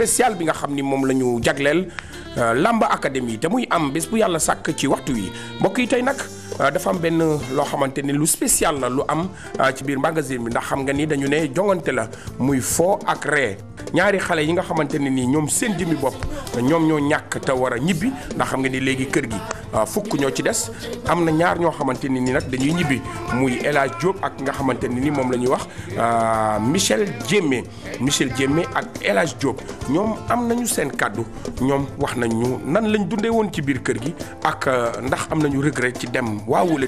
spécial bi nga xam ni moom la ñu jagleel euh, Lamb Académie te muy am bés bu yàlla sàkk ci waxtu yi mbokk yi tey nag. Euh, dafa am benn loo xamante ni lu spécial la lu am euh, ci biir magasin bi ndax xam nga ni dañu ne jongante la muy foo ak ree ñaari xale yi nga xamante ne nii ñoom seen jëmmi bopp ñoom ñoo ñàkk te war a ñibbi ndax xam nga ni léegi kër gi euh, fukk ñoo ci des am na ñaar ñoo xamante ni nii nag dañuy ñibbi muy El Hadj ak nga xamante ne ni moom la ñuy wax Michel Diémé Michel Diémé ak El Hadj ñoom am nañu seen kàddu ñoom wax nañ ñu nan lañ dundee woon ci biir kër gi ak ndax am nañu regret ci dem waaw wala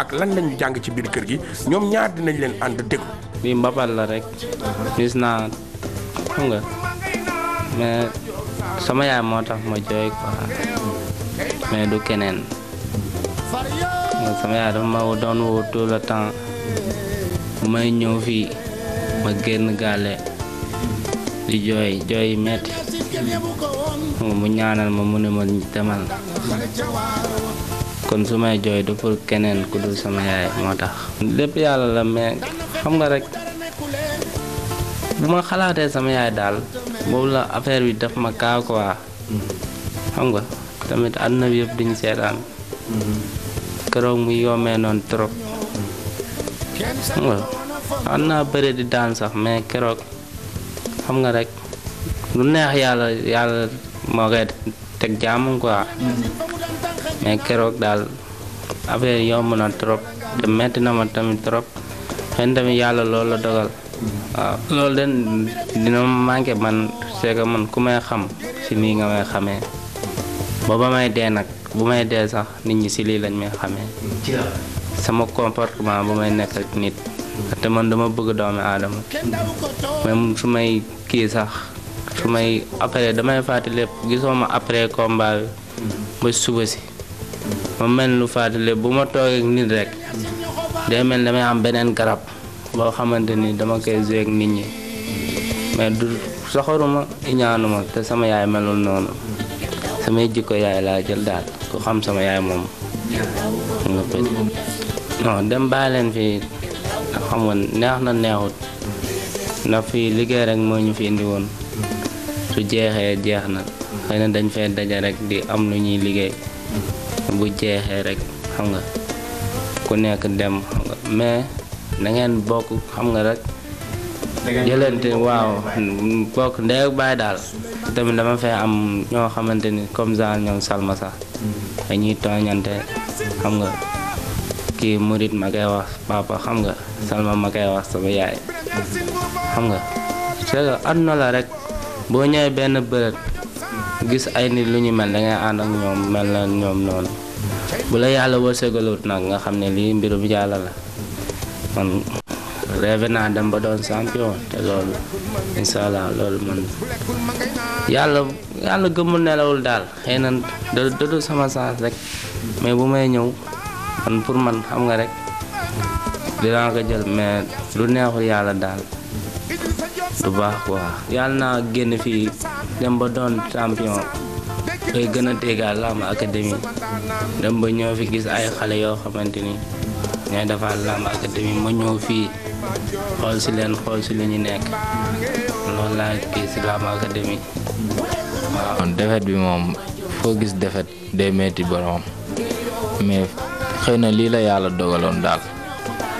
ak lan lañu jàng ci biir kër gi ñoom ñaar dinañ leen ànd déglu. bi mbapal la rek. gis naa xam nga mais sama yaay moo tax ma jooy quoi mais du keneen sama yaay dafa ma doon woo tout le temps may ñëw fii ma génn gaale di jooy jooy metti mu ñaanal ma mu ne ma demal kon sumay may jooy du pour keneen ku dul sama yaay moo tax lépp yàlla la mais xam nga rek bu ma xalaatee sama yaay daal boobu la affaire bi daf ma kaa quoi xam nga tamit àdduna bi yëpp duñu seetaan keroog mu yoomee noonu trop xam nga xam naa rek lu neex yàlla yàlla moo koy teg jaamu quoi mais keroog daal affaire yomb na trop te metti na ma tamit trop xen tamit yàlla loolu la dogal waaw loolu den dina ma manqué man c'est man ku may xam si nii nga may xamee ba may dee nag bu may dee sax nit ñi si lii lañ may xamee sama comportement bu may nekk ak nit te man dama bëgg doomi aadama même su may kii sax su may après damay fàtte lépp gisoo ma après combat ba suba si ma mel lu faatale bu ma toogee ak nit rek day mel damay am beneen garab boo xamante ni dama koy joué ak nit ñi mais du soxoruma iñaanuma te sama yaay melul noonu samay jikko yaay laa jël daal ku xam sama yaay moom nga pëj non dem bàyyi leen fii xam nga neex na neexut ndax fii liggéey rek moo ñu fi indi woon su jeexee jeex na xëy na dañ fee daje rek di am lu ñuy liggéey bu jeexee rek xam nga ku nekk dem xam nga mais na bokk xam nga rek jëlante waaw bokk ndey ak baay daal tamit dama fee am ñoo xamante ni comme ça ñoom Salma sax mm-hmm. dañuy tooñante xam nga kii murit ma koy wax papa xam nga Salma ma koy wax sama yaay mm-hmm. xam nga c'est que àdduna la rek boo ñëwee benn bërëb gis ay nit lu ñu mel da ngay ànd ak ñoom mel na ñoom noonu bu la yàlla wërsëgalut nag nga xam ne lii mbirum yàlla la man rêvé naa dem ba doon champion te loolu incha allah loolu man yàlla yàlla gëmul nelawul daal xëy na da dul sama chance rek mais bu may ñëw man pour man xam nga rek dinaa ko jël mais lu neexul yàlla daal du baax quoi yàlla naa génn fii dem ba doon champion gën a tegaat làmb dem ba ñoo fi gis ay xale yoo xamante ni ñooy defar làmb académie ma ñëw fii xool si leen xool si li ñu nekk loolu laa gis si defet bi moom foo gis defet day metti boroom mais xëy na lii la yàlla dogaloon daal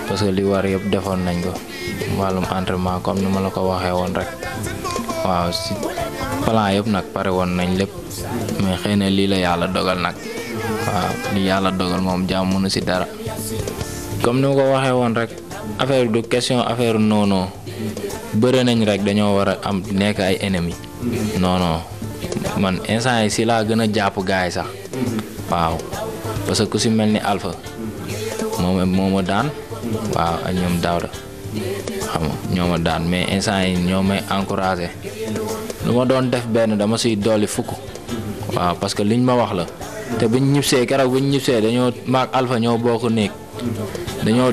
parce que li war yëpp defoon nañ ko wàllum entraînement comme ni ma la ko waxee woon rek waaw plan yëpp nag pare woon nañ lépp mais xëy na lii la yàlla dogal nag waaw lii yàlla dogal moom jaam mënu si dara comme ni ma ko waxee woon rek affaire du question affaire non non bëre nañ rek dañoo war a am nekk ay ennemis non man instant yi si laa gën a jàpp gaay sax waaw parce que ku si mel ni Alpha moom moo ma daan waaw ak ñoom Daouda xam nga ñoo ma daan mais instant yi ñoo may encouragé lu ma doon def benn dama siy dolli fukk waaw parce que liñ ma wax la te biñ ñibsee keroog biñ ñibsee dañoo maag Alpha ñoo bokk néeg dañoo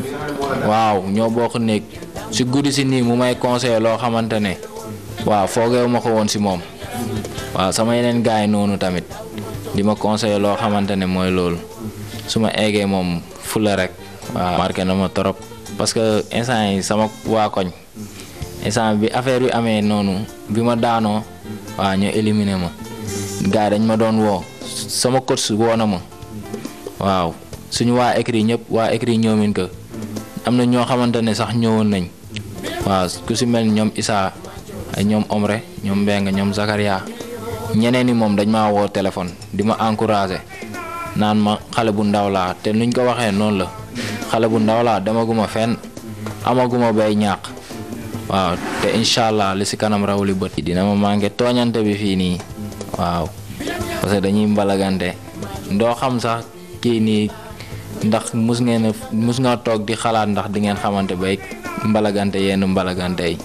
waaw ñoo bokk néeg si guddi si nii mu may conseillé loo xamante ne waaw foogeewu ma ko woon si moom waa sama yeneen gars yi noonu tamit di ma conseillé loo xamante ne mooy loolu su ma eegee moom fula rek waaw marqué na ma trop parce que instant yi sama waa koñ instant bi affaire yu amee noonu bi ma daanoo waaw ñu éliminé ma gars dañ ma doon woo sama coach woo na ma waaw suñu waa écrit ñëpp waa écrit ñoomin am na ñoo xamante ne sax ñëwoon nañ waaw ku si mel ñoom Issa ay ñoom Omre ñoom Mbengue ñoom Zakaria ñeneen ñi moom dañ ma woo téléphone di ma encouragé naan ma xale bu ndaw laa te nuñ ko waxee noonu la xale bu ndaw laa demaguma fenn amaguma bay ñàq waaw te incha allah li si kanam raw li bët. dina ma manqué tooñante bi fii nii waaw parce que dañuy mbalagante ndoo xam sax kii nii ndax mus ngeen mus nga toog di xalaat ndax di ngeen xamante bay mbalagante yenn mbalagante yi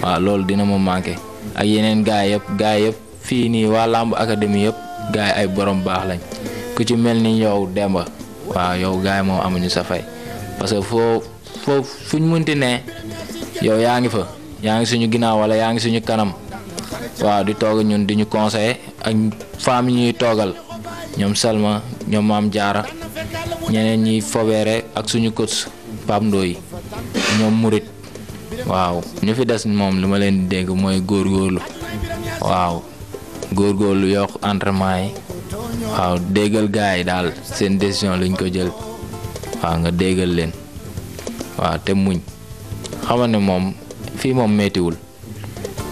waaw loolu dina ma manqué ak yeneen gaay yëpp gaay yëpp fii nii waa làmb académie yëpp gaay ay boroom baax lañ ku ci mel ni yow Demba waaw yow gaay moom amuñu sa fay parce foo foo fuñ munti ne. yow yaa ngi fa yaa ngi suñu ginnaaw wala yaa ngi suñu kanam waaw di toog ñun duñu ñu ak femme yi ñuy toogal ñoom Salma ñoom Maam Jaara ñeneen ñuy fobeere ak suñu coach Pape Ndoye ñoom Murit waaw ñu fi des moom li ma leen dégg mooy góor góorgóorlu waaw góor góor lu yokk entrement yi waaw déggal gars yi daal seen décision luñ ko jël waaw nga déggal leen waaw te muñ. xamal ne moom fii moom méttiwul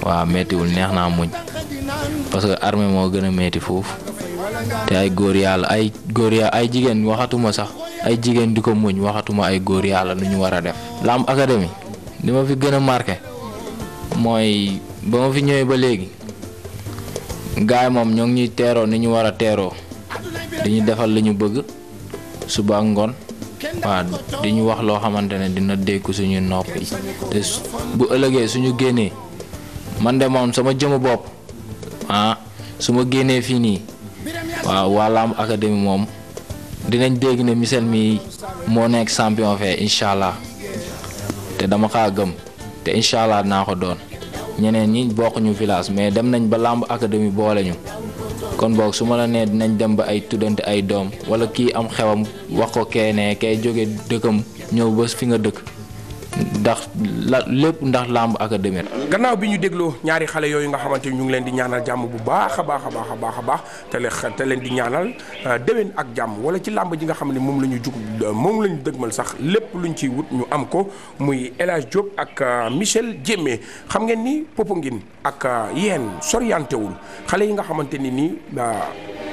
waaw méttiwul neex naa muñ parce que armée moo gën a métti foofu te ay góor yàlla ay góor yàlla ay jigéen waxatuma sax ay jigéen di ko muñ waxatuma ay góor yàlla nu ñu war a def. Lamb académie li ma fi gën a marqué mooy ba ma fi ñëwee ba léegi gars moom ñoo ngi teeroo ni ñu war a teeroo di ñu defal li ñu bëgg suba ak ngoon. waaw di ñu wax loo xamante ne dina dékku suñu nopp yi te bu ëllëgee suñu génnee man de moom sama jëmu bopp ah su ma génnee fii nii waaw waa Lamb Académie moom dinañ dégg ne Michel mi moo nekk champion fee incha allah te dama kaa gëm te incha allah naa ko doon ñeneen ñi bokk ñu village mais dem nañ ba Lamb Académie boole ñu. kon boog su ma la nee dinañ dem ba ay tuddante ay doom wala kii am xewam wax ko kee ne kay jóge dëkkam ñëw ba fi nga dëkk ndax la lépp ndax làmb académique. gannaaw bi ñu dégloo ñaari xale yooyu nga xamante ñu ngi leen di ñaanal jàmm bu baax a baax a baax a baax a te leen di ñaanal euh, déwén ak jàmm wala ci làmb ji nga xam ne moom la ñu jug moom la ñu dëgmal sax lépp lu ñu ciy wut ñu am ko muy El Hadj ak euh, Michel Diémé xam ngeen ni Popenguine ak euh, yéen soriantewul xale yi nga xamante ni nii.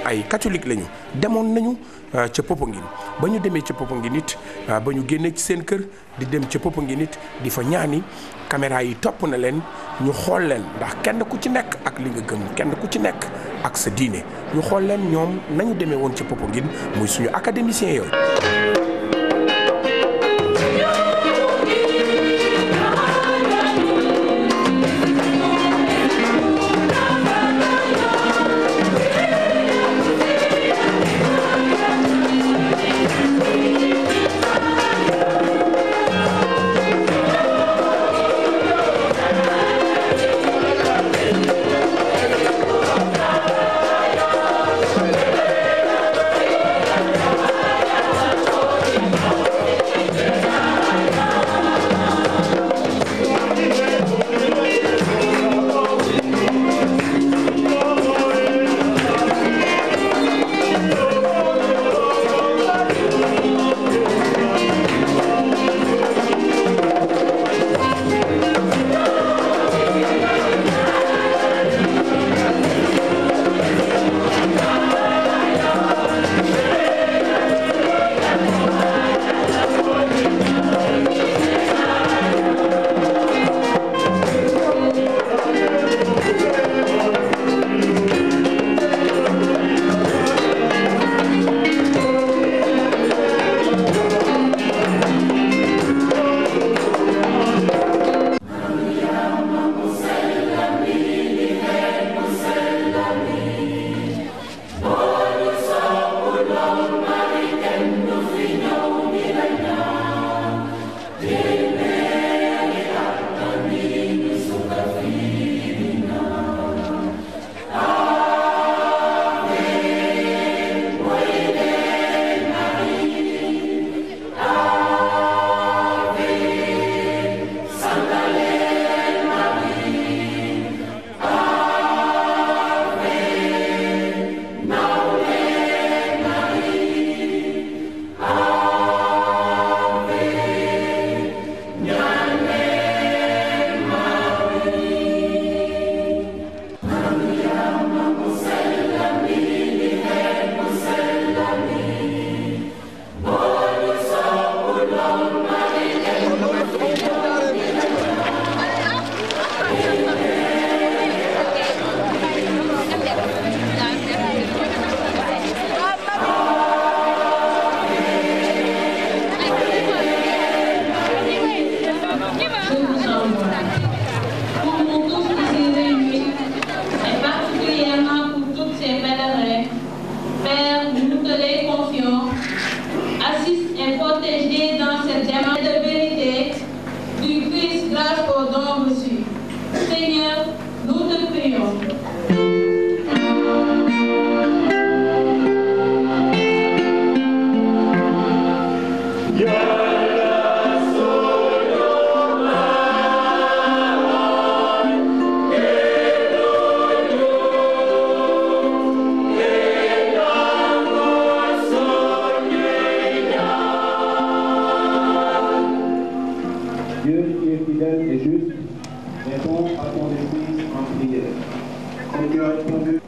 ay catholique lañu demoon nañu euh, ca Popenguine ba ñu demee ca Popenguine nit euh, ba ñu génnee ci seen kër di dem ca Popenguine nit di fa ñaani caméra yi topp na leen ñu xool leen ndax kenn ku ci nekk ak li nga gëm kenn ku ci nekk ak sa diine ñu xool leen ñoom nañu demee woon ca Popenguine muy suñu académiciens yooyu. elle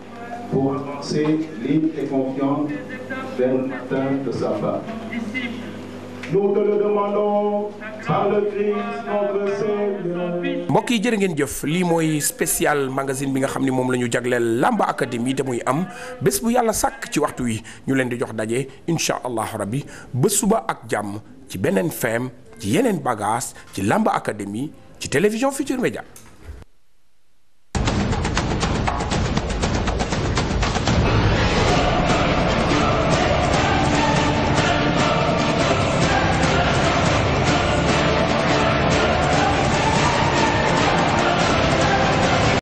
mbokk yi jërë ngeen jëf lii mooy spécial magasin bi nga xam ni moom la jagleel Lamba Académie te muy am bés bu yàlla sàkk ci waxtu wi ñu leen di jox daje incha allahu rabbi ba suba ak jàmm ci beneen fem ci yeneen bagage ci làmba Académie ci télévision Futur Média